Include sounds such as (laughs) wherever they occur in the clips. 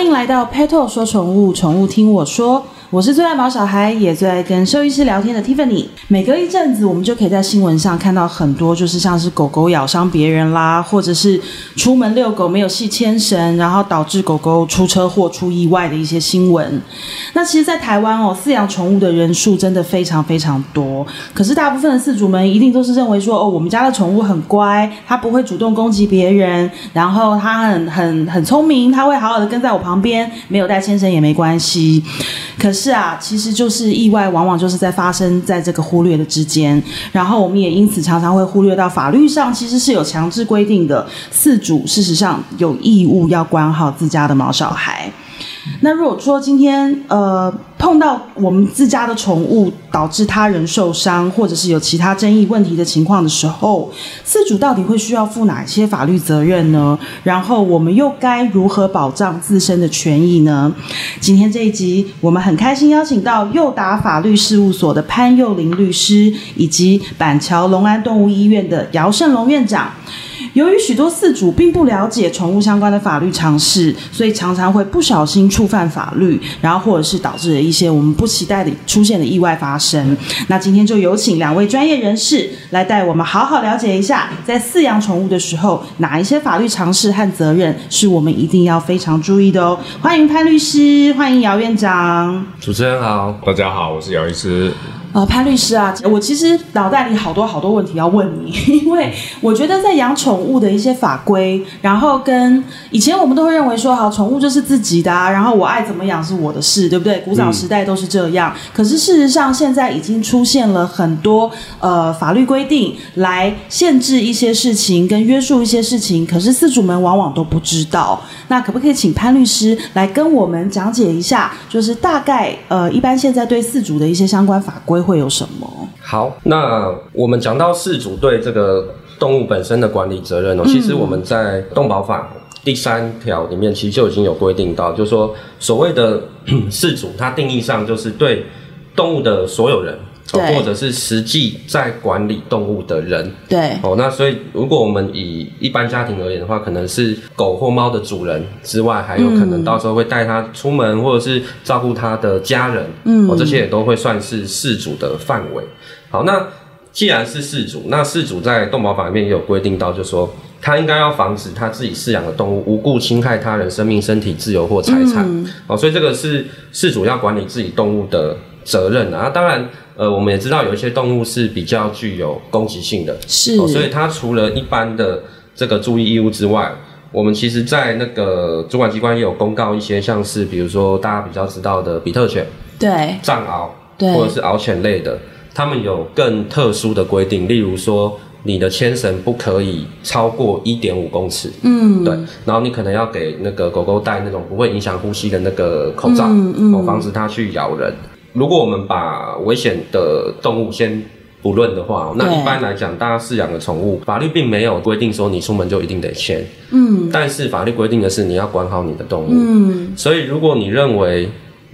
歡迎來到 PetTalk 說寵物，寵物聽我說。我是最愛的毛小孩，也最愛跟獸醫師聊天的 Tiffany。每隔一陣子，我們就可以在新聞上看到很多，就是像是狗狗咬傷別人啦，或者是出門遛狗沒有繫牽繩，然後導致狗狗出車禍、出意外的一些新聞。那其實，在台灣哦，飼養寵物的人數真的非常非常多。可是，大部分的飼主們一定都是認為說，哦，我們家的寵物很乖，它不會主動攻擊別人，然後它很很很聰明，它會好好的跟在我旁邊，沒有帶牽繩也沒關係。可是。是啊，其實就是意外，往往就是在發生在這個忽略的之間，然後我們也因此常常會忽略到法律上其實是有強制規定的，飼主事實上有義務要管好自家的毛小孩。那如果說今天呃，碰到我們自家的寵物導致他人受傷，或者是有其他爭議問題的情況的時候，飼主到底會需要負哪些法律責任呢？然後我們又該如何保障自身的權益呢？今天這一集我們很開心邀請到佑達法律事務所的潘祐霖律師，以及板橋隆安動物醫院的姚勝隆院長。由於許多飼主並不了解寵物相關的法律常識，所以常常會不小心觸犯法律，然後或者是導致了一些我們不期待的出現的意外發生。那今天就有請兩位專業人士來帶我們好好了解一下，在飼養寵物的時候，哪一些法律常識和責任是我們一定要非常注意的哦。歡迎潘律師，歡迎姚院長。主持人好，大家好，我是姚醫師。啊、呃，潘律師啊，我其實腦袋裡好多好多問題要問你，因為我覺得在養寵物的一些法規，然後跟以前我們都會認為說，好，寵物就是自己的啊，然後我愛怎麼養是我的事，對不對？古早時代都是這樣，可是事實上現在已經出現了很多呃法律規定來限制一些事情跟約束一些事情，可是飼主們往往都不知道。那可不可以請潘律師來跟我們講解一下，就是大概呃一般現在對飼主的一些相關法規？會有什麼？好，那我們講到飼主對這個動物本身的管理責任哦。嗯、其實我們在動保法第三條裡面，其實就已經有規定到，就是說所謂的飼主，它定義上就是對動物的所有人。或者是實際在管理動物的人，對，哦，那所以如果我們以一般家庭而言的話，可能是狗或貓的主人之外，還有可能到時候會帶它出門，嗯，或者是照顧它的家人，嗯，哦，這些也都會算是飼主的範圍。好，那既然是飼主，那飼主在動保法裡面也有規定到就是說，就說他應該要防止他自己飼養的動物無故侵害他人生命、身體自由或財產，嗯。哦，所以這個是飼主要管理自己動物的責任啊，當然。呃，我們也知道有一些動物是比較具有攻擊性的，是，哦，所以它除了一般的這個注意義務之外，我們其實在那個主管機關也有公告一些，像是比如說大家比較知道的比特犬，對，藏獒，對，或者是獒犬類的，他們有更特殊的規定，例如說你的牽繩不可以超過一點五公尺，嗯，對，然後你可能要給那個狗狗戴那種不會影響呼吸的那個口罩，嗯嗯，哦，防止它去咬人。如果我們把危險的動物先不論的話，那一般來講，大家飼養的寵物，法律並沒有規定說你出門就一定得牽。嗯。但是法律規定的是你要管好你的動物。嗯。所以如果你認為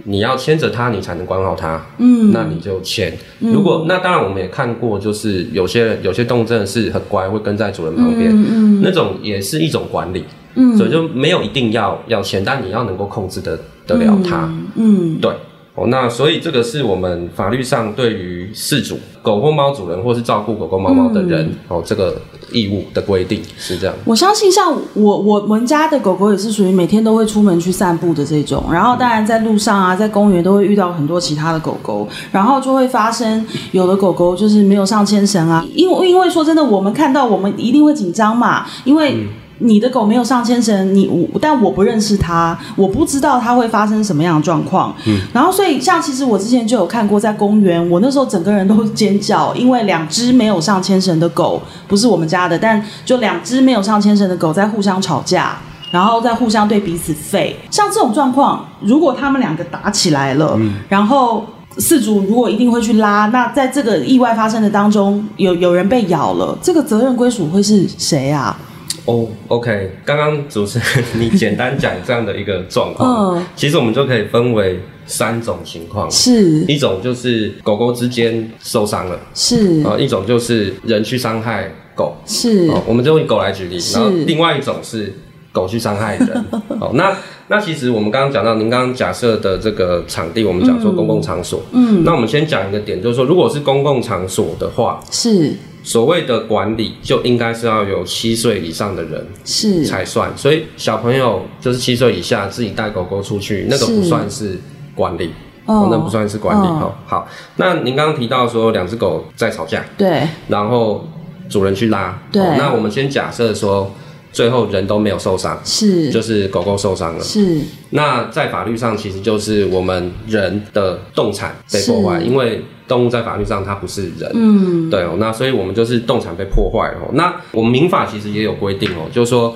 你要牽着它，你才能管好它。嗯。那你就牽。如果那當然我們也看過，就是有些有些動物真的是很乖，會跟在主人旁邊。嗯嗯，那種也是一種管理。嗯。所以就沒有一定要要牽，但你要能夠控制得得，得了它。嗯。嗯對。Oh, 那所以這個是我們法律上對於飼主，狗或貓主人，或是照顧狗狗、貓貓的人，哦、嗯，oh, 這個義務的規定是這樣。我相信，像我我，我們家的狗狗也是屬於每天都會出門去散步的這種，然後當然在路上啊，在公園都會遇到很多其他的狗狗，然後就會發生有的狗狗就是沒有上牽繩啊，因為因為說真的，我們看到我們一定會緊張嘛，因為。嗯你的狗沒有上牽繩，你我但我不認識它，我不知道它會發生什麼樣的狀況。嗯，然後所以像其實我之前就有看過，在公園，我那時候整個人都尖叫，因為兩隻沒有上牽繩的狗不是我們家的，但就兩隻沒有上牽繩的狗在互相吵架，然後在互相對彼此吠。像這種狀況，如果他們兩個打起來了，嗯，然後飼主如果一定會去拉，那在這個意外發生的當中，有有人被咬了，這個責任歸屬會是誰啊？哦，OK，剛剛主持人你簡單講這樣的一個狀況，oh. 其實我們就可以分為三種情況，是一種就是狗狗之間受傷了，是一種就是人去傷害狗，是，我們就用狗來舉例，然後另外一種是狗去傷害人，好，那那其實我們剛剛講到，您剛剛假設的這個場地，我們講說公共場所，嗯，嗯，那我們先講一個點，就是說如果是公共場所的話，是。所謂的管理就應該是要有七歲以上的人才算，所以小朋友就是七歲以下自己帶狗狗出去那個不算是管理，哦，哦那個不算是管理哈，哦哦。好，那您剛剛提到說，兩隻狗在吵架，對，然後主人去拉，對，哦，那我們先假設說。最後人都沒有受傷，是就是狗狗受傷了，是那在法律上其實就是我們人的動產被破壞，因為動物在法律上它不是人，嗯，對哦，那所以我們就是動產被破壞了喔。那我們民法其實也有規定哦，就是說。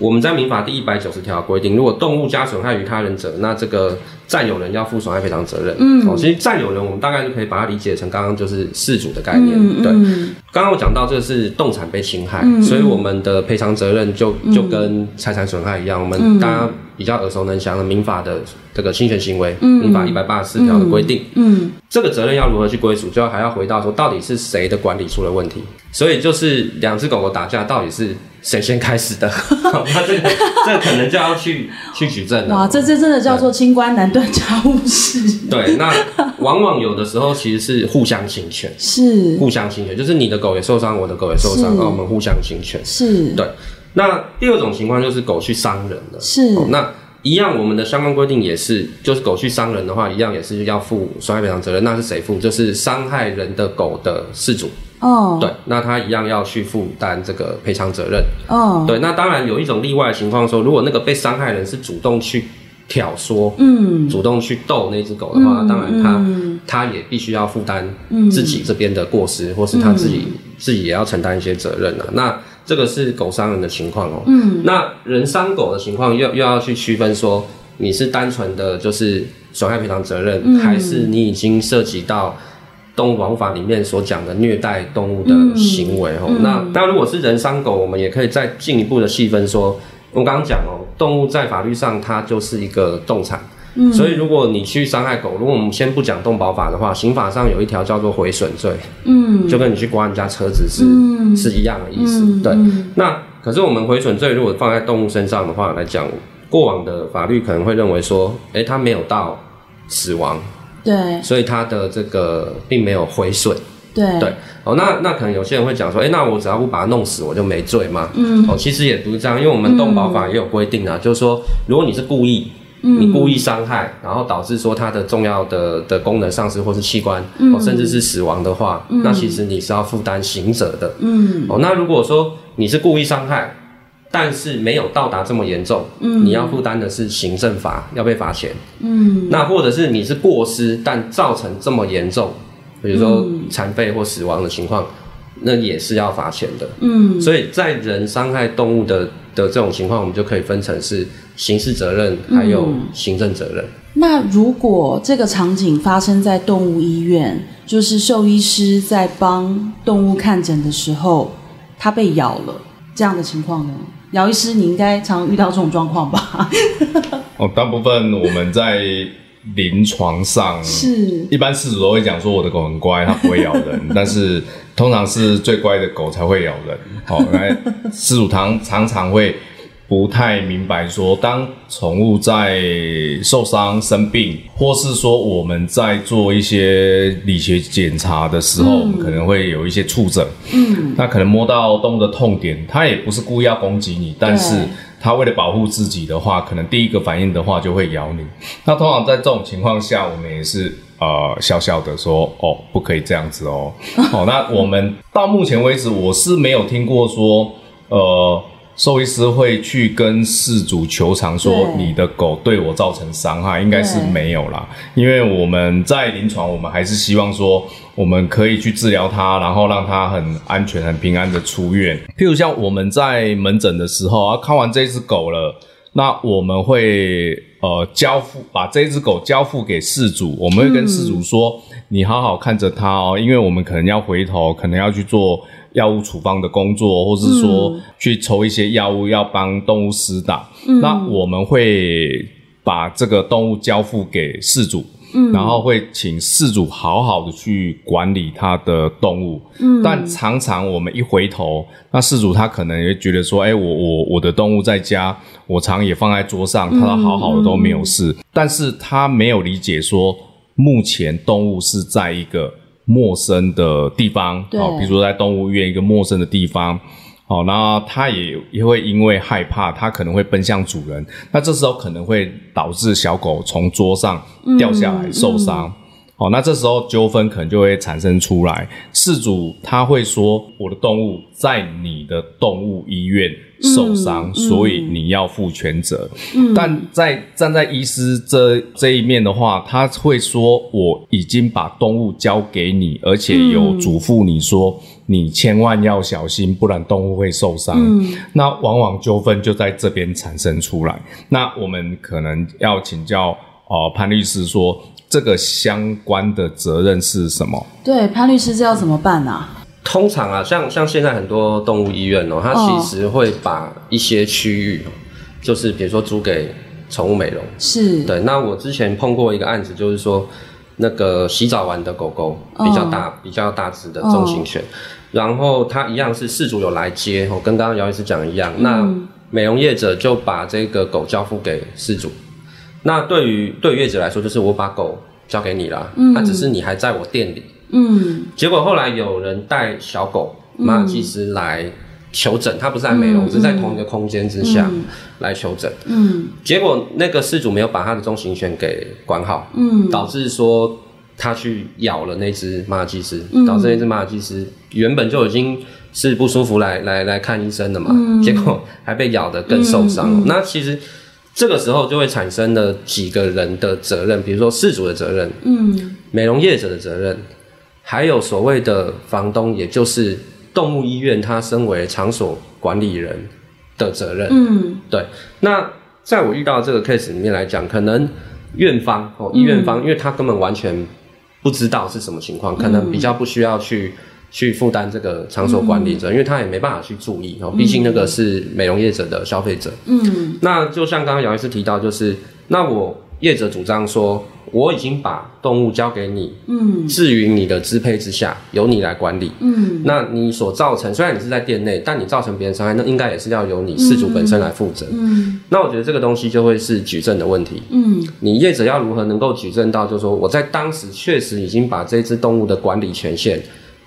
我們在民法第一百九十條規定，如果動物加損害於他人者，那這個占有人要負損害賠償責任。嗯，哦、其實占有人我們大概就可以把它理解成剛剛就是飼主的概念。嗯嗯，對，剛剛我講到這個是動產被侵害，嗯嗯，所以我們的賠償責任就就跟財產損害一樣，嗯、我們大家。比較耳熟能詳的民法的這個侵權行為，嗯嗯，民法一百八十四條的規定，嗯嗯，嗯，這個責任要如何去歸屬，最後還要回到說到底是誰的管理出了問題。所以就是兩只狗狗打架，到底是誰先開始的？那 (laughs) 這個、這個、可能就要去 (laughs) 去舉證了。哇，這這真的叫做清官難斷家務事。對，那往往有的時候其實是互相侵權，是互相侵權，就是你的狗也受傷，我的狗也受傷，那我們互相侵權，是，是對。那第二種情況就是狗去傷人了，是、哦、那一樣，我們的相關規定也是，就是狗去傷人的話，一樣也是要負損害賠償責任。那是誰負？就是傷害人的狗的飼主，哦，對，那他一樣要去負擔這個賠償責任哦，對。那當然有一種例外的情況，說如果那個被傷害人是主動去挑唆，嗯，主動去逗那只狗的話，嗯、那當然他他也必須要負擔自己這邊的過失、嗯，或是他自己、嗯、自己也要承擔一些責任了、啊。那這個是狗傷人的情況哦，嗯，那人傷狗的情況又又要去區分說，你是單純的就是損害賠償責任，嗯，還是你已經涉及到動物王法裡面所講的虐待動物的行為哦，嗯，那那如果是人傷狗，我們也可以再進一步的細分說，我剛剛講哦，動物在法律上它就是一個動產。嗯、所以，如果你去傷害狗，如果我們先不講動保法的話，刑法上有一條叫做毀損罪，嗯，就跟你去刮人家車子是、嗯、是一樣的意思。嗯、對，那可是我們毀損罪如果放在動物身上的話來講，過往的法律可能會認為說，哎、欸，它沒有到死亡，對，所以它的這個並沒有毀損，對對。哦，那那可能有些人會講說，哎、欸，那我只要不把它弄死，我就沒罪嘛。嗯，哦，其實也不是這樣，因為我們動保法也有規定啊、嗯，就是說如果你是故意。你故意傷害，然後導致說它的重要的的功能喪失或是器官、嗯哦，甚至是死亡的話，嗯、那其實你是要負擔刑責的。嗯、哦，那如果說你是故意傷害，但是沒有到達這麼嚴重、嗯，你要負擔的是行政罰，要被罰錢。嗯，那或者是你是過失，但造成這麼嚴重，比如說殘廢或死亡的情況、嗯，那也是要罰錢的。嗯，所以在人傷害動物的。的這種情況，我們就可以分成是刑事責任，還有行政責任。嗯。那如果這個場景發生在動物醫院，就是獸醫師在幫動物看診的時候，他被咬了，這樣的情況呢？姚醫師，你應該常遇到這種狀況吧？哦，大部分我們在臨床上， (laughs) 是，一般飼主都會講說我的狗很乖，它不會咬人， (laughs) 但是。通常是最乖的狗才會咬人。好、哦，來，飼主常常常會不太明白，說當寵物在受傷、生病，或是說我們在做一些理學檢查的時候，嗯、可能會有一些觸診。嗯，那可能摸到動物的痛點，它也不是故意要攻擊你，但是它為了保護自己的話，可能第一個反應的話就會咬你。那通常在這種情況下，我們也是。呃，笑笑的說，哦，不可以這樣子哦，好、哦、那我們 (laughs) 到目前為止，我是沒有聽過說，呃，獸醫師會去跟飼主求償說，你的狗對我造成傷害，應該是沒有啦。因為我們在臨床，我們還是希望說，我們可以去治療它，然後讓它很安全、很平安的出院。譬如像我們在門診的時候啊，看完這隻狗了。那我們會呃交付，把這隻狗交付給飼主。我們會跟飼主說、嗯，你好好看着它哦，因為我們可能要回頭，可能要去做藥物處方的工作，或是說、嗯，去抽一些藥物要幫動物施打，嗯，那我們會把這個動物交付給飼主。然後會請飼主好好的去管理他的動物，但常常我們一回頭，那飼主他可能也覺得說，哎，我我我的動物在家，我常也放在桌上，它都好好的都沒有事，但是他沒有理解說，目前動物是在一個陌生的地方、哦，對，比如說在動物園一個陌生的地方。好、哦，那它也也會因為害怕，它可能會奔向主人。那這時候可能會導致小狗從桌上掉下來受傷。好、嗯嗯哦，那這時候糾紛可能就會產生出來。飼主他會說：“我的動物在你的動物醫院受傷、嗯嗯，所以你要負全責。嗯”但在站在醫師這這一面的話，他會說：“我已經把動物交給你，而且有囑咐你說。嗯”你千萬要小心，不然動物會受傷、嗯。那往往糾紛就在這邊產生出來。那我們可能要請教呃潘律師說，這個相關的責任是什麼？對，潘律師，這要怎麼辦呢、啊嗯？通常啊，像像現在很多動物醫院哦、喔，它其實會把一些區域、哦，就是比如說租給寵物美容。是。對，那我之前碰過一個案子，就是說那個洗澡完的狗狗比較大、哦、比較大只的中型犬。哦然後他一樣是飼主有來接，我跟剛剛姚醫師講的一樣、嗯，那美容業者就把這個狗交付給飼主。那對於對於業者來說，就是我把狗交給你了，嗯，他只是你還在我店裡，嗯。結果後來有人帶小狗馬爾濟斯來求診，他不是在美容、嗯，是在同一個空間之下來求診，嗯。嗯結果那個飼主沒有把他的中型犬給管好，嗯，導致說。他去咬了那隻馬爾濟斯，導致那隻馬爾濟斯原本就已經是不舒服來來來看醫生了嘛，嗯，結果還被咬得更受傷，嗯嗯，那其實這個時候就會產生了幾個人的責任，比如說飼主的責任，嗯，美容業者的責任，嗯，還有所謂的房東，也就是動物醫院，他身為場所管理人的責任，嗯，對。那在我遇到這個 case 裡面來講，可能院方哦，喔，醫院方，嗯，因為他根本完全。不知道是什麼情況，可能比較不需要去、嗯、去負擔這個場所管理者、嗯，因為他也沒辦法去注意、哦，畢竟那個是美容業者的消費者嗯。嗯，那就像剛剛姚醫師提到，就是那我。業者主張說：“我已經把動物交給你，嗯，置於你的支配之下，由你來管理，嗯。那你所造成，雖然你是在店內，但你造成別人傷害，那應該也是要由你事主本身來負責，嗯，嗯。那我覺得這個東西就會是舉證的問題，嗯。你業者要如何能夠舉證到，就是說我在當時確實已經把這隻動物的管理權限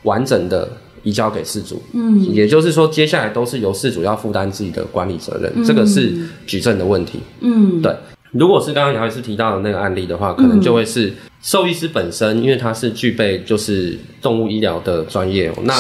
完整的移交給事主，嗯。也就是說，接下來都是由事主要負擔自己的管理責任，嗯，這個是舉證的問題，嗯，嗯，對。”如果是剛剛姚醫師提到的那個案例的話，可能就會是獸醫師本身、嗯，因為他是具備就是動物醫療的專業、哦。那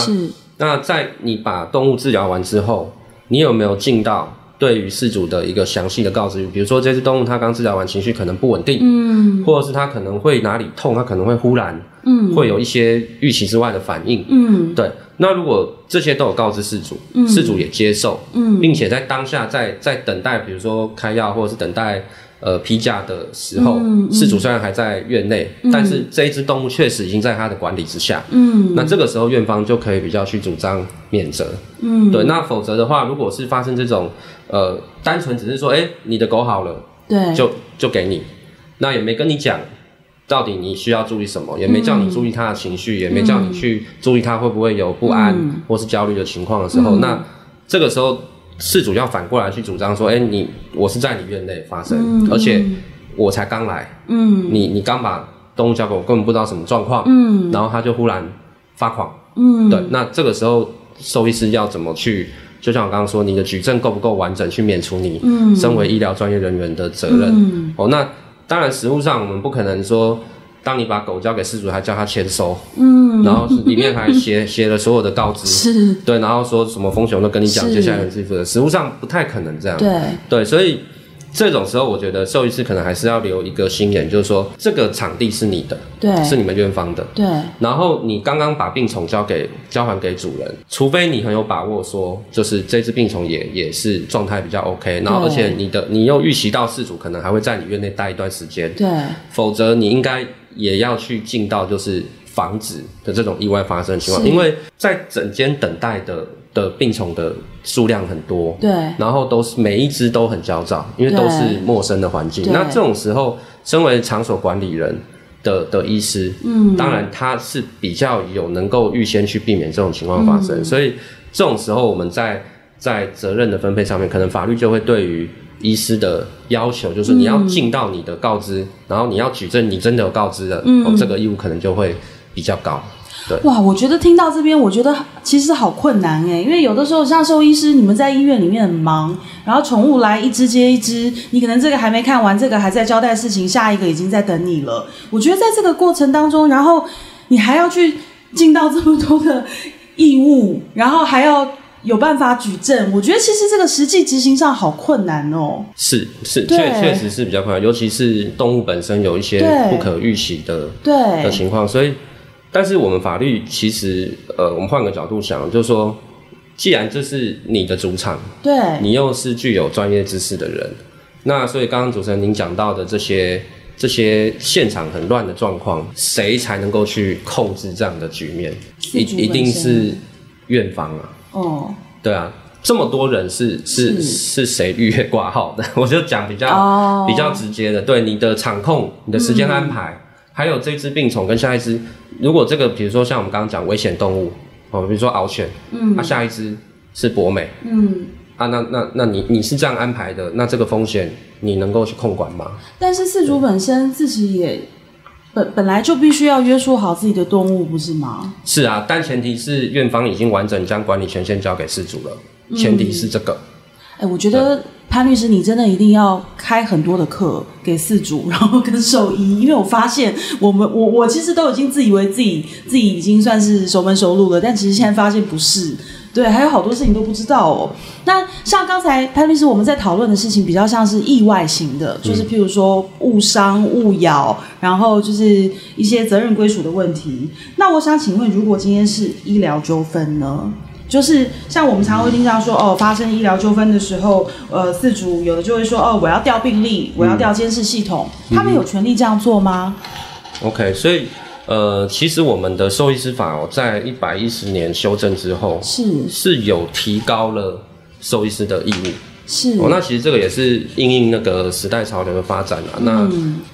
那在你把動物治療完之後，你有沒有盡到對於飼主的一個詳細的告知？比如說這隻動物它剛治療完情緒可能不穩定，嗯，或者是它可能會哪裡痛，它可能會忽然嗯會有一些預期之外的反應，嗯，對。那如果這些都有告知飼主，嗯、飼主也接受，嗯，並且在當下在在等待，比如說開藥或者是等待。呃，批價的時候，飼、嗯嗯、主雖然還在院內、嗯，但是這一只動物確實已經在他的管理之下。嗯，那這個時候院方就可以比較去主張免責。嗯，對。那否則的話，如果是發生這種呃，單純只是說，哎，你的狗好了，對，就就給你，那也沒跟你講到底你需要注意什麼，也沒叫你注意它的情緒、嗯，也沒叫你去注意它會不會有不安、嗯、或是焦慮的情況的時候，嗯、那這個時候。飼主要反過來去主張說：“哎、欸，你我是在你院內發生、嗯，而且我才剛來，嗯、你你剛把動物交給我，根本不知道什麼狀況、嗯，然後他就忽然發狂，嗯、對，那這個時候獸醫師要怎麼去？就像我剛剛說，你的舉證夠不夠完整去免除你身為醫療專業人員的責任？嗯嗯、哦，那當然，實務上我們不可能說。”當你把狗交給飼主，還叫他簽收，嗯，然後是裡面還寫 (laughs) 寫了所有的告知，是，對，然後說什麼風險都跟你講，是接下來的這些，事實上不太可能這樣，對，對，所以這種時候，我覺得獸醫師可能還是要留一個心眼，就是說這個場地是你的，對，是你們院方的，對，然後你剛剛把病寵交給交還給主人，除非你很有把握說，就是這隻病寵也也是狀態比較 OK，然後而且你的你又預期到飼主可能還會在你院內待一段時間，對，否則你應該。也要去盡到，就是防止的這種意外發生的情況，因為在診間等待的的病寵的數量很多，對，然後都是每一隻都很焦躁，因為都是陌生的環境。那這種時候，身為場所管理人的的醫師，嗯，當然他是比較有能夠預先去避免這種情況發生，所以這種時候，我們在在責任的分配上面，可能法律就會對於。醫師的要求就是你要盡到你的告知、嗯，然後你要舉證你真的有告知了，嗯、哦，這個義務可能就會比較高。對，哇，我覺得聽到這邊，我覺得其實好困難哎，因為有的時候像獸醫師，你們在醫院裡面很忙，然後寵物來一隻接一隻，你可能這個還沒看完，這個還在交代事情，下一個已經在等你了。我覺得在這個過程當中，然後你還要去盡到這麼多的義務，然後還要。有辦法舉證？我覺得其實這個實際執行上好困難哦。是是，確確實是比較困難，尤其是動物本身有一些不可預期的對的情況，所以，但是我們法律其實，呃，我們換個角度想，就是說，既然這是你的主場，對，你又是具有專業知識的人，那所以剛剛主持人您講到的這些這些現場很亂的狀況，誰才能夠去控制這樣的局面？一一定是院方啊。哦、oh.，對啊，這麼多人是是是，是誰預約掛號的？我就講比較、oh. 比較直接的。對，你的場控，你的時間安排、嗯，還有這隻病蟲跟下一只，如果這個比如說像我們剛剛講危險動物哦，比如說獒犬，嗯，那、啊、下一隻是博美，嗯，啊，那那那你你是這樣安排的？那這個風險你能夠去控管嗎？但是飼主本身自己也。嗯本本來就必須要約束好自己的動物，不是嗎？是啊，但前提是院方已經完整將管理權限交給飼主了，嗯，前提是這個。哎，欸，我覺得潘律師，嗯，你真的一定要開很多的課給飼主，然後跟獸醫，因為我發現我們我我其實都已經自以為自己自己已經算是熟門熟路了，但其實現在發現不是。對，還有好多事情都不知道哦、喔。那像剛才潘律師我們在討論的事情，比較像是意外型的，嗯、就是譬如說誤傷、誤咬，然後就是一些責任歸屬的問題。那我想請問，如果今天是醫療糾紛呢？就是像我們常會聽到說，哦，發生醫療糾紛的時候，呃，飼主有的就會說，哦，我要調病歷，我要調監視系統、嗯，他們有權利這樣做嗎？OK，所以。呃，其實我們的獸醫師法哦，在一百一十年修正之後，是是有提高了獸醫師的義務，是哦，那其實這個也是因應那個時代潮流的發展了、啊嗯。那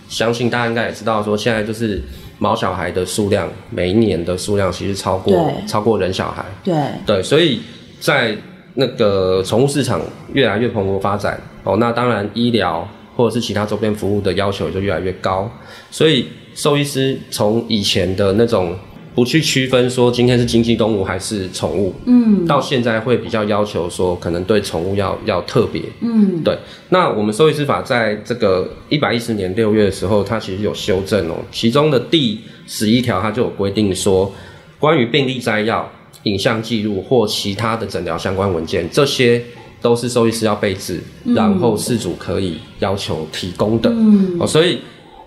相信大家應該也知道，說現在就是毛小孩的數量，每一年的數量其實超過超過人小孩，對對，所以在那個寵物市場越來越蓬勃發展哦，那當然醫療。或者是其他周邊服務的要求就越來越高，所以獸醫師從以前的那種不去區分說今天是經濟動物還是寵物，嗯，到現在會比較要求說可能對寵物要要特別，嗯，對。那我們《獸醫師法》在這個一百一十年六月的時候，它其實有修正哦、喔，其中的第十一條它就有規定說，關於病歷摘要、影像記錄或其他的診療相關文件這些。都是獸醫師要備製，然後飼主可以要求提供的。嗯，哦，所以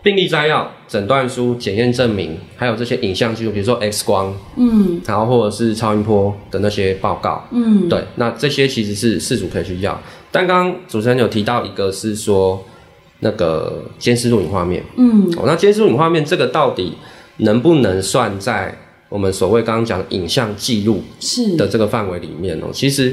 病歷摘要、診斷書、檢驗證明，還有這些影像記錄，比如說 X 光，嗯，然後或者是超音波的那些報告，嗯，對，那這些其實是飼主可以去要。但剛剛主持人有提到一個，是說那個監視錄影畫面，嗯、哦，那監視錄影畫面這個到底能不能算在我們所謂剛剛講的影像記錄是的這個範圍裡面呢、哦？其實。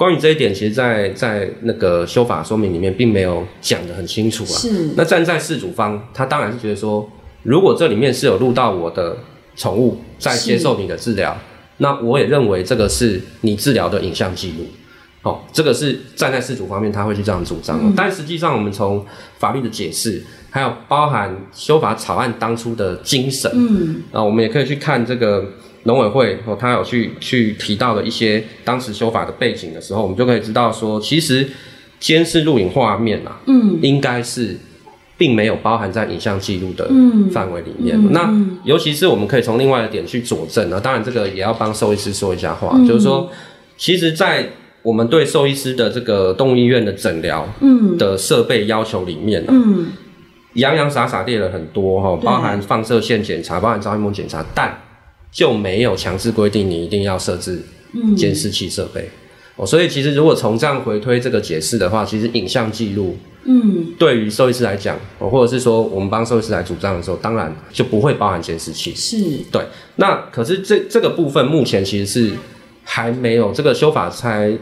關於這一點，其實在，在在那個修法說明裡面，並沒有講得很清楚啊。是。那站在飼主方，他當然是覺得說，如果這裡面是有錄到我的寵物在接受你的治療，那我也認為這個是你治療的影像記錄。哦，這個是站在飼主方面，他會去這樣主張、啊嗯。但實際上，我們從法律的解釋，還有包含修法草案當初的精神，嗯，啊，我們也可以去看這個。農委會他有去去提到的一些當時修法的背景的時候，我們就可以知道說，其實監視錄影畫面吶、啊，嗯，應該是並沒有包含在影像記錄的範圍裡面。嗯、那尤其是我們可以從另外一點去佐證啊。當然，這個也要幫獸醫師說一下話，嗯、就是說，其實，在我們對獸醫師的這個動物醫院的診療的設備要求裡面、啊嗯、洋洋灑灑列了很多哈、哦，包含放射線檢查，包含超音波檢查，但就沒有強制規定你一定要設置監視器設備、嗯哦、所以其實如果從這樣回推這個解釋的話，其實影像記錄嗯，對於獸醫師來講，或者是說我們幫獸醫師來主張的時候，當然就不會包含監視器，是對。那可是這這個部分目前其實是還沒有這個修法，才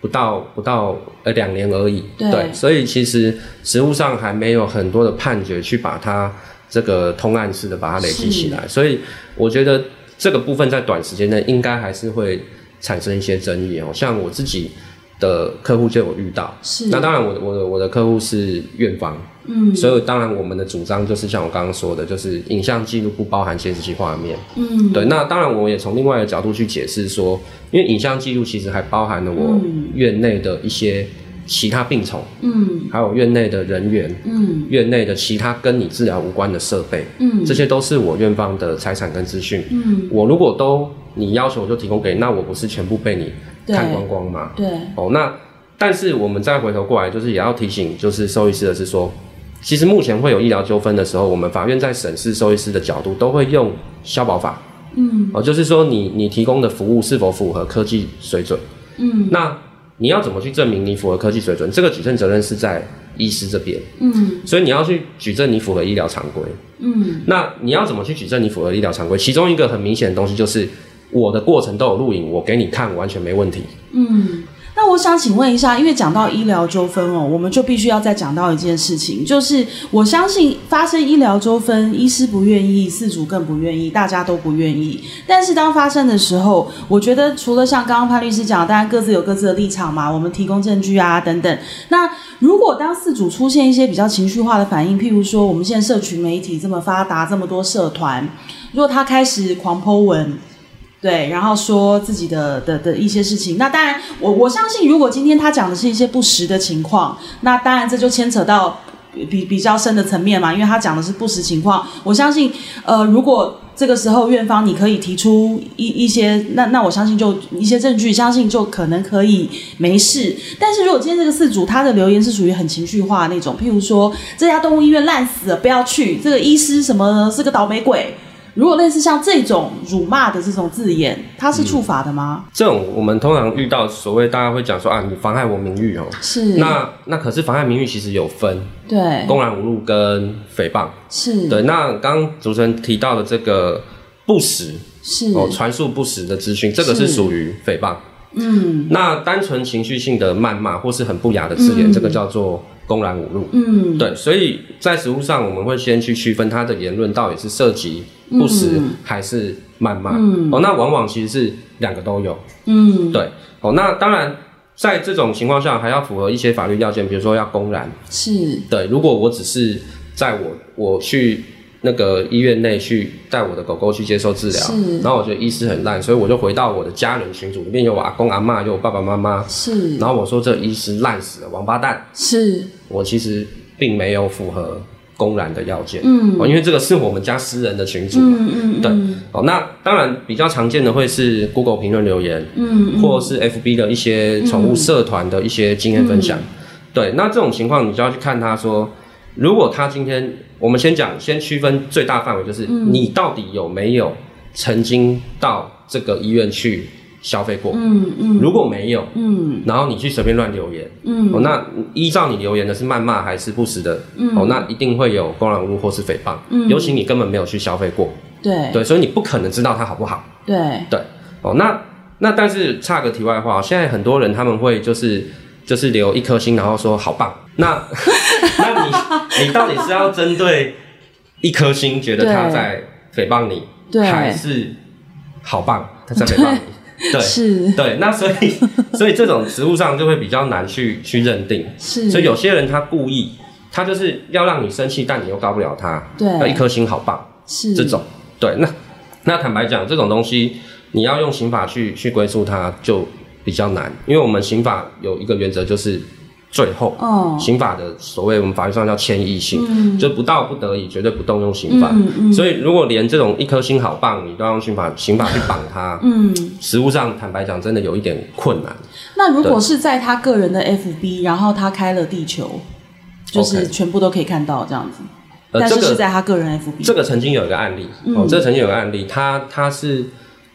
不到不到呃兩、欸、年而已對，對，所以其實實務上還沒有很多的判決去把它這個通案式的把它累積起來，所以我覺得。這個部分在短時間內應該還是會產生一些爭議哦，像我自己的客戶就有遇到，是那當然我的我的我的客戶是院方，嗯，所以當然我們的主張就是像我剛剛說的，就是影像記錄不包含監視器畫面，嗯，對，那當然我也從另外的角度去解釋說，因為影像記錄其實還包含了我院內的一些。其他病床，嗯，還有院內的人員，嗯，院內的其他跟你治療無關的設備，嗯，這些都是我院方的財產跟資訊，嗯，我如果都你要求，我就提供給，那我不是全部被你看光光嗎？對，對哦，那但是我們再回頭過來，就是也要提醒，就是獸醫師的是說，其實目前會有醫療糾紛的時候，我們法院在審視獸醫師的角度，都會用消保法，嗯，哦，就是說你你提供的服務是否符合科技水準，嗯，那。你要怎麼去證明你符合科技水準？這個舉證責任是在醫師這邊。嗯，所以你要去舉證你符合醫療常規。嗯，那你要怎麼去舉證你符合醫療常規？其中一個很明顯的東西就是，我的過程都有錄影，我給你看，完全沒問題。嗯。那我想請問一下，因為講到醫療糾紛哦，我們就必須要再講到一件事情，就是我相信發生醫療糾紛，醫師不願意，飼主更不願意，大家都不願意。但是當發生的時候，我覺得除了像剛剛潘律師講，大家各自有各自的立場嘛，我們提供證據啊等等。那如果當飼主出現一些比較情緒化的反應，譬如說我們現在社群媒體這麼發達，這麼多社團，如果他開始狂 PO 文。對，然後說自己的的的一些事情。那當然，我我相信，如果今天他講的是一些不實的情況，那當然這就牽扯到比比較深的層面嘛，因為他講的是不實情況。我相信，呃，如果這個時候院方你可以提出一一些，那那我相信就一些證據，相信就可能可以沒事。但是如果今天這個飼主他的留言是屬於很情緒化那種，譬如說這家動物醫院爛死了，不要去，這個醫師什麼是個倒霉鬼。如果類似像這種辱罵的這種字眼，它是觸法的嗎？嗯。這種我們通常遇到，所謂大家會講說啊，你妨害我名譽哦。是。那那可是妨害名譽其實有分。對。公然侮辱跟誹謗。是。對，那剛主持人提到的這個不實，是哦，傳述不實的資訊，這個是屬於誹謗。嗯。那單純情緒性的謾罵或是很不雅的字眼，嗯、這個叫做公然侮辱，嗯，對，所以在實務上，我們會先去區分他的言論到底是涉及不實還是謾罵、嗯嗯，哦，那往往其實是兩個都有，嗯，對，哦，那當然在這種情況下，還要符合一些法律要件，比如說要公然是，對，如果我只是在我我去。那個醫院內去帶我的狗狗去接受治療，是。然後我覺得醫師很爛，所以我就回到我的家人群組，裡面有我阿公阿媽，有我爸爸媽媽，是。然後我說這個醫師爛死了，王八蛋，是。我其實並沒有符合公然的要件，嗯，喔、因為這個是我們家私人的群組，嗯，嗯，嗯對、喔。那當然比較常見的會是 Google 評論留言，嗯，嗯或是 FB 的一些寵物社團的一些經驗分享，嗯嗯，對。那這種情況你就要去看他說。如果他今天，我們先講，先區分最大範圍，就是、嗯、你到底有沒有曾經到這個醫院去消費過？嗯嗯。如果沒有，嗯，然後你去隨便亂留言，嗯，哦，那依照你留言的是謾罵還是不實的，嗯，哦，那一定會有公然侮辱或是誹謗、嗯，尤其你根本沒有去消費過，嗯、對對，所以你不可能知道它好不好，對對，哦，那那但是岔個題外話，現在很多人他們會就是就是留一顆心，然後說好棒，那。 (laughs) 你到底是要針對一顆星，覺得他在誹謗你？對，還是好棒他在誹謗你？對，對，對是對，那所以所以這種實務上就會比較難去去認定。是，所以有些人他故意，他就是要讓你生氣，但你又告不了他。對，要一顆星、好棒是這種。對，那那坦白講，這種東西你要用刑法去去歸宿它就比較難，因為我們刑法有一個原則就是。最後，哦，刑法的所謂我們法律上叫謙抑性，嗯，就不到不得已絕對不動用刑法，嗯嗯嗯。所以如果連這種一顆星好棒，你都要用刑法刑法去綁他，嗯，實務上坦白講真的有一點困難。那如果是在他個人的 F B，然後他開了地球，okay, 就是全部都可以看到這樣子。呃、但是是在他個人 F B，、呃這個、這個曾經有一個案例，嗯、哦，這個、曾經有一個案例，他他是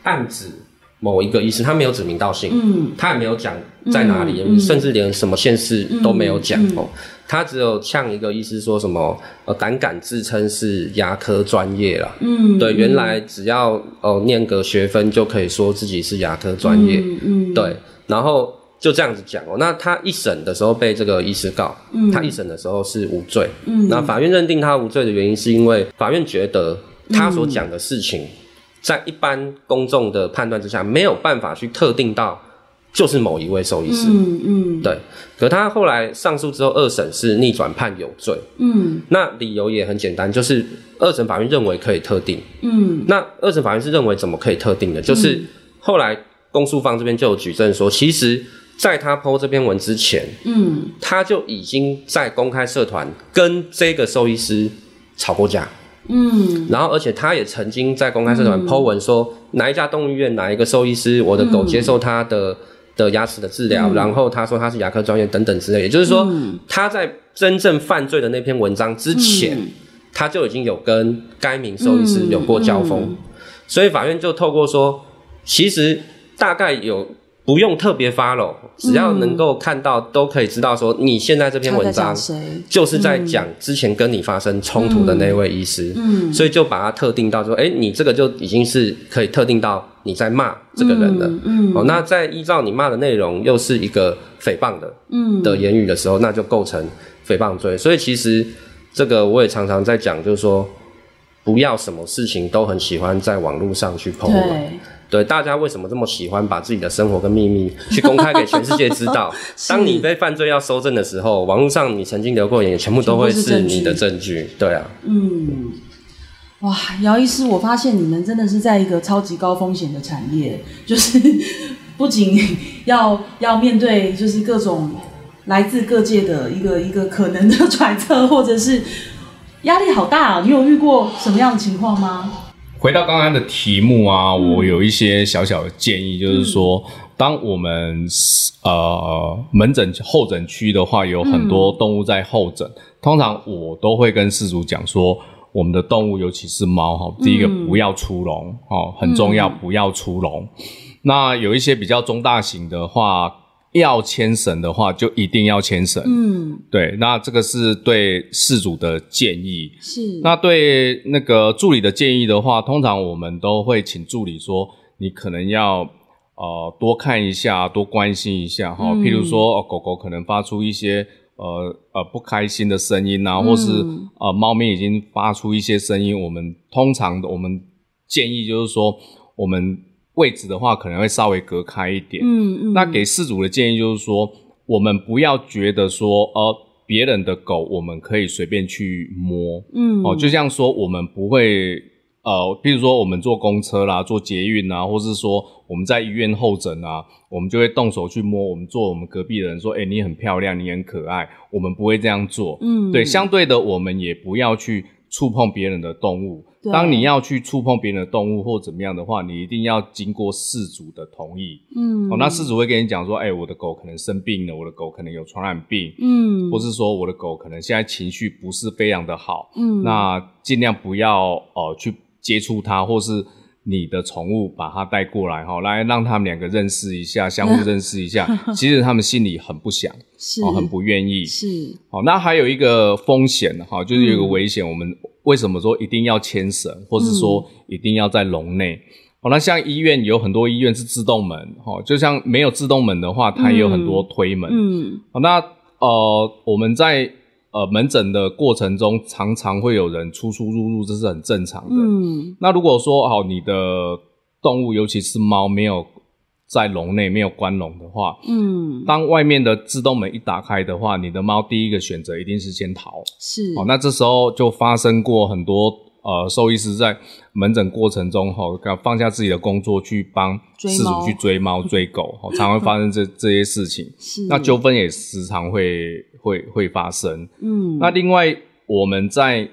案子。某一個醫師，他沒有指名道姓、嗯，他也沒有講在哪裡、嗯嗯，甚至連什麼縣市都沒有講哦、嗯嗯喔。他只有嗆一個醫師說什麼，呃，膽敢，敢自稱是牙科專業了。嗯，對，原來只要、呃、念個學分就可以說自己是牙科專業嗯。嗯，對，然後就這樣子講哦、喔。那他一審的時候被這個醫師告，嗯、他一審的時候是無罪。嗯，那法院認定他無罪的原因，是因為法院覺得他所講的事情。嗯嗯在一般公眾的判斷之下，沒有辦法去特定到就是某一位獸醫師。嗯嗯，對。可他後來上訴之後，二審是逆轉判有罪。嗯。那理由也很簡單，就是二審法院認為可以特定。嗯。那二審法院是認為怎麼可以特定的？嗯、就是後來公訴方這邊就有舉證說，其實在他 po 這篇文之前，嗯，他就已經在公開社團跟這個獸醫師吵過架。嗯，然後，而且他也曾經在公開社團 Po 文說，哪一家動物醫院，哪一個獸醫師，我的狗接受他的、嗯、的牙齒的治療、嗯，然後他說他是牙科專業等等之類。也就是說，他在真正犯罪的那篇文章之前，他就已經有跟該名獸醫師有過交鋒，所以法院就透過說，其實大概有。不用特別 follow，只要能夠看到、嗯，都可以知道說你現在這篇文章就是在講之前跟你發生衝突的那位醫師，嗯，嗯，所以就把它特定到說，哎、欸，你這個就已經是可以特定到你在罵這個人了，嗯，嗯，哦，那在依照你罵的內容又是一個誹謗的，嗯，的言語的時候，那就構成誹謗罪。所以其實這個我也常常在講，就是說。不要什麼事情都很喜歡在網絡上去 po。對，對，大家為什麼這麼喜歡把自己的生活跟秘密去公開給全世界知道？ (laughs) 當你被犯罪要搜證的時候，網絡上你曾經留過言，全部都會是你的證據。對啊，嗯，哇，姚醫師，我發現你們真的是在一個超級高風險的產業，就是不僅要要面對，就是各種來自各界的一個一個可能的揣測，或者是。壓力好大，你有遇過什麼樣的情況嗎？回到剛剛的題目啊、嗯，我有一些小小的建議，就是說，嗯、當我們呃門診候診區的話，有很多動物在候診、嗯，通常我都會跟飼主講說，我們的動物尤其是貓哈，第一個不要出籠哦、嗯喔，很重要，不要出籠、嗯。那有一些比較中大型的話。要牽繩的話，就一定要牽繩。嗯，對，那這個是對飼主的建議。是，那對那個助理的建議的話，通常我們都會請助理說，你可能要呃多看一下，多關心一下哈、嗯。譬如說、呃，狗狗可能發出一些呃呃不開心的聲音呢、啊，或是呃貓咪已經發出一些聲音，我們通常我們建議就是說我們。位置的話可能會稍微隔開一點，嗯嗯。那給飼主的建議就是說，我們不要覺得說，呃，別人的狗我們可以隨便去摸，嗯哦、呃，就像說我們不會，呃，譬如說我們坐公車啦，坐捷運啊，或是說我們在醫院候診啊，我們就會動手去摸。我們坐我們隔壁的人說，哎、欸，你很漂亮，你很可愛，我們不會這樣做，嗯，對。相對的，我們也不要去觸碰別人的動物。當你要去觸碰別人的動物或怎麼樣的話，你一定要經過飼主的同意。嗯，哦，那飼主會跟你講說，哎、欸，我的狗可能生病了，我的狗可能有傳染病，嗯，或是說我的狗可能現在情緒不是非常的好，嗯，那盡量不要呃去接觸它，或是你的寵物把它帶過來哈、哦，來讓他們兩個認識一下，相互認識一下。 (laughs) 其實他們心裡很不想，是，哦、很不願意，是。好、哦，那還有一個風險哈、哦，就是有一個危險、嗯，我們。為什麼說一定要牽繩，或是說一定要在籠內、嗯？哦，那像醫院有很多醫院是自動門，哈、哦，就像沒有自動門的話，它也有很多推門。嗯，嗯哦、那呃，我們在呃門診的過程中，常常會有人出出入入，這是很正常的。嗯，那如果說好、哦，你的動物尤其是貓沒有。在籠內沒有關籠的話，嗯，當外面的自動門一打開的話，你的貓第一個選擇一定是先逃，是。哦，那這時候就發生過很多呃，獸醫師在門診過程中，吼，哦，放下自己的工作去幫飼主去追貓，追貓追狗，哦，常會發生這 (laughs) 這些事情，那糾紛也時常會會會發生，嗯。那另外我們在。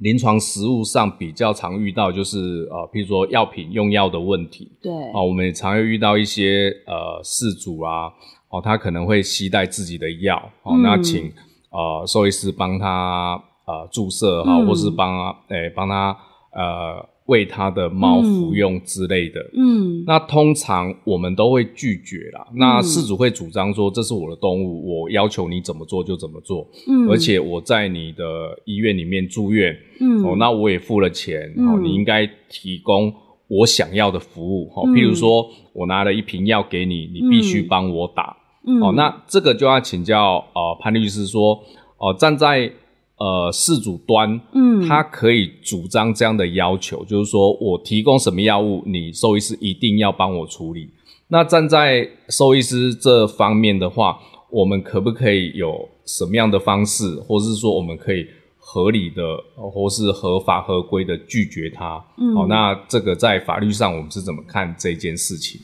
臨床實務上比較常遇到就是呃，譬如說藥品用藥的問題，對啊、哦，我們也常會遇到一些呃飼主啊，哦，他可能會攜帶自己的藥，嗯、哦，那請呃，獸醫師幫他呃注射哈、哦，或是幫誒幫他呃。為他的貓服用之類的，嗯，那通常我們都會拒絕啦。嗯、那飼主會主張說：“這是我的動物，我要求你怎麼做就怎麼做。”嗯，而且我在你的醫院裡面住院，嗯，哦、那我也付了錢，嗯哦、你應該提供我想要的服務，哦、譬如說，我拿了一瓶藥給你，你必須幫我打、嗯嗯哦，那這個就要請教、呃、潘律師說，呃、站在。呃，飼主端，嗯，他可以主張這樣的要求，就是說我提供什麼藥物，你獸醫師一定要幫我處理。那站在獸醫師這方面的話，我們可不可以有什麼樣的方式，或是說我們可以合理的，或是合法合規的拒絕他？嗯，好，哦，那這個在法律上我們是怎麼看這件事情？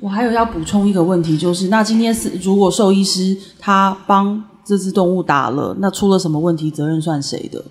我還有要補充一個問題，就是那今天是如果獸醫師他幫。這隻動物打了，那出了什麼問題？責任算誰的？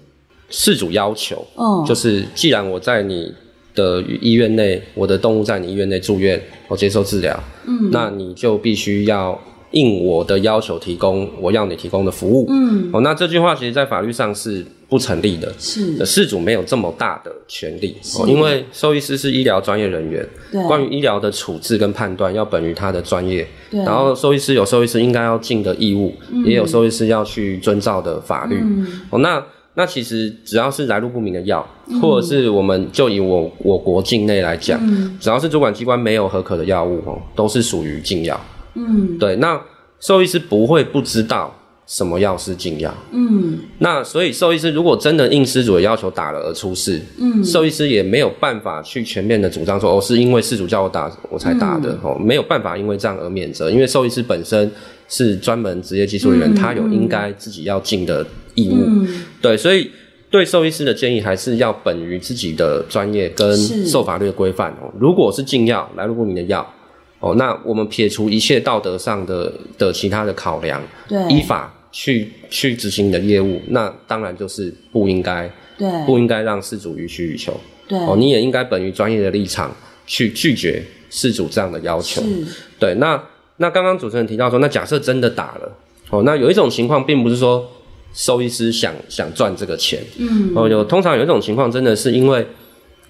飼主要求，嗯，就是既然我在你的醫院內，我的動物在你醫院內住院，我接受治療，嗯，那你就必須要。應我的要求提供我要你提供的服務，嗯，哦，那這句話其實在法律上是不成立的，是事主沒有這麼大的權利，哦，因為獸醫師是醫療專業人員，關於醫療的處置跟判斷要本於他的專業，然後獸醫師有獸醫師應該要盡的義務，也有獸醫師要去遵照的法律，嗯、哦，那那其實只要是來路不明的藥、嗯，或者是我們就以我我國境內來講、嗯，只要是主管機關沒有核可的藥物哦，都是屬於禁藥。嗯，對，那獸醫師不會不知道什麼藥是禁藥。嗯，那所以獸醫師如果真的應飼主的要求打了而出事，嗯，獸醫師也沒有辦法去全面的主張說哦，是因為飼主叫我打我才打的，嗯，哦，沒有辦法因為這樣而免責，因為獸醫師本身是專門職業技術人員，嗯，他有應該自己要盡的義務嗯。嗯，對，所以對獸醫師的建議還是要本於自己的專業跟受法律的規範哦。如果是禁藥，來路不明的藥。哦，那我們撇除一切道德上的的其他的考量，依法去去執行你的業務，那當然就是不應該，不應該讓飼主予取予求，對，哦，你也應該本於專業的立場去拒絕飼主這樣的要求，對。那那剛剛主持人提到說，那假設真的打了，哦，那有一種情況並不是說獸醫師想想賺這個錢，嗯，哦，有通常有一種情況真的是因為，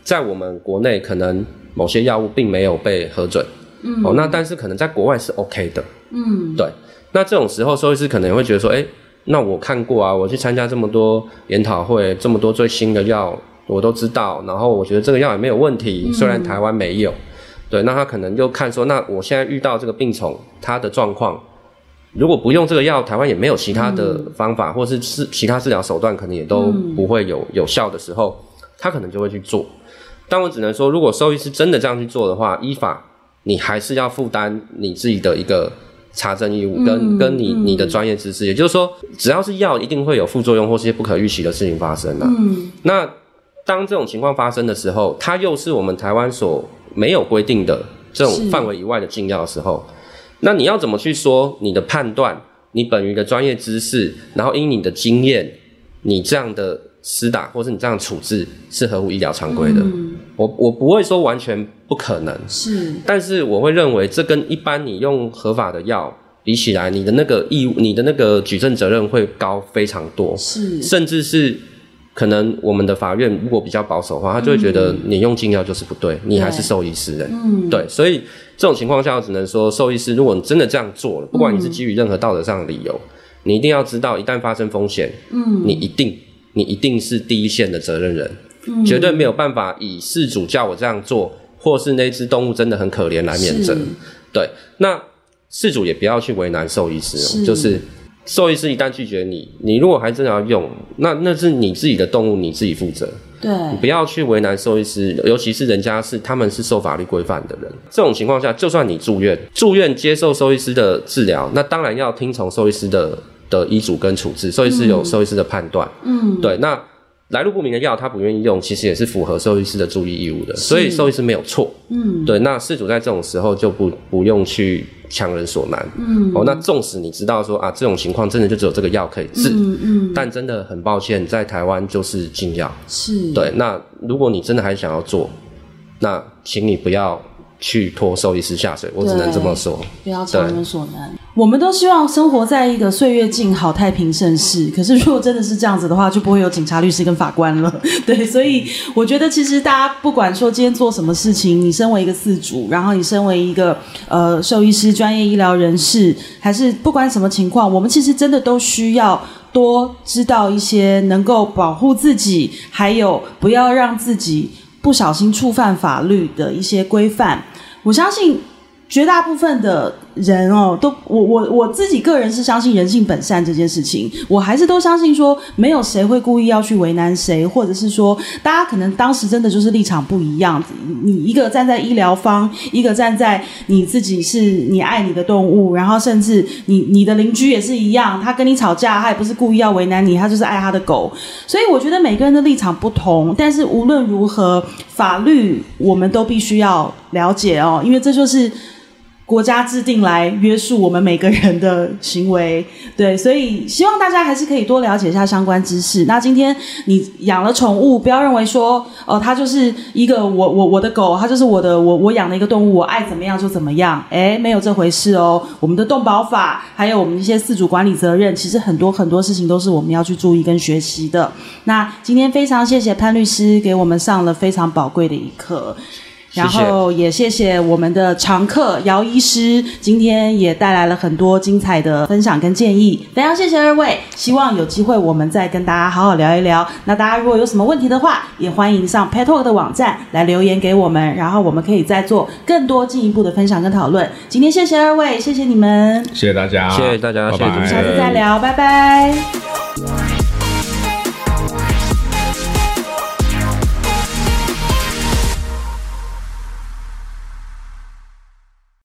在我們國內可能某些藥物並沒有被核准。嗯，哦，那但是可能在國外是 OK 的，嗯，對，那這種時候，獸醫師可能也會覺得說，誒、欸，那我看過啊，我去參加這麼多研討會，這麼多最新的藥我都知道，然後我覺得這個藥也沒有問題，雖然台灣沒有、嗯，對，那他可能就看說，那我現在遇到這個病蟲，他的狀況，如果不用這個藥，台灣也沒有其他的方法，嗯、或是治其他治療手段，可能也都不會有、嗯、有效的時候，他可能就會去做。但我只能說，如果獸醫師真的這樣去做的話，依法。你還是要負擔你自己的一個查證義務，跟跟你你的專業知識，也就是說，只要是藥，一定會有副作用或是一些不可預期的事情發生啊，那當這種情況發生的時候，它又是我們台灣所沒有規定的這種範圍以外的禁藥的時候，那你要怎麼去說你的判斷，你本於的專業知識，然後因你的經驗，你這樣的。施打或是你這樣處置是合乎醫療常規的，嗯、我我不會說完全不可能是，但是我會認為這跟一般你用合法的藥比起來，你的那個義務、你的那個舉證責任會高非常多，是，甚至是可能我們的法院如果比較保守的話，他就會覺得你用禁藥就是不對、嗯，你還是獸醫師人，對，嗯、對，所以這種情況下我只能說，獸醫師如果你真的這樣做了，不管你是基於任何道德上的理由、嗯，你一定要知道一旦發生風險，嗯，你一定。你一定是第一線的責任人，嗯、絕對沒有辦法以飼主叫我這樣做，或是那只動物真的很可憐來免責。對，那飼主也不要去為難獸醫師、哦，就是獸醫師一旦拒絕你，你如果還真的要用，那那是你自己的動物，你自己負責。對，你不要去為難獸醫師，尤其是人家是他們是受法律規範的人。這種情況下，就算你住院住院接受獸醫師的治療，那當然要聽從獸醫師的的醫囑跟處置，獸醫師有獸醫師的判斷。嗯。嗯，對。那來路不明的藥，他不願意用，其實也是符合獸醫師的注意義務的。所以獸醫師沒有錯。嗯，對。那飼主在這種時候就不不用去強人所難。嗯。哦，那縱使你知道說啊，這種情況真的就只有這個藥可以治。嗯嗯。但真的很抱歉，在台灣就是禁藥。是。對。那如果你真的還想要做，那請你不要去拖獸醫師下水。我只能這麼說。不要強人所難。我們都希望生活在一個歲月靜好、太平盛世。可是，如果真的是這樣子的話，就不會有警察、律師跟法官了。對，所以我覺得，其實大家不管說今天做什麼事情，你身為一個飼主，然後你身為一個呃獸醫師、專業醫療人士，還是不管什麼情況，我們其實真的都需要多知道一些能夠保護自己，還有不要讓自己不小心觸犯法律的一些規範。我相信絕大部分的。人哦，都我我我自己個人是相信人性本善這件事情，我還是都相信說沒有誰會故意要去為難誰，或者是說大家可能當時真的就是立場不一樣。你一個站在醫療方，一個站在你自己是你愛你的動物，然後甚至你你的鄰居也是一樣，他跟你吵架，他也不是故意要為難你，他就是愛他的狗。所以我覺得每個人的立場不同，但是無論如何，法律我們都必須要了解哦，因為這就是。國家制定來約束我們每個人的行為，對，所以希望大家還是可以多了解一下相關知識。那今天你養了寵物，不要認為說，哦、呃，它就是一個我我我的狗，它就是我的我我養的一個動物，我愛怎麼樣就怎麼樣，誒、欸，沒有這回事哦。我們的動保法，還有我們一些飼主管理責任，其實很多很多事情都是我們要去注意跟學習的。那今天非常謝謝潘律師給我們上了非常寶貴的一課。然後也謝謝我們的常客姚醫師，今天也帶來了很多精彩的分享跟建議。非常謝謝二位，希望有機會我們再跟大家好好聊一聊。那大家如果有什麼問題的話，也歡迎上 PetTalk 的網站來留言給我們，然後我們可以再做更多進一步的分享跟討論。今天謝謝二位，謝謝你們，謝謝大家，謝謝大家，好，我們拜拜，下次再聊，拜拜、嗯。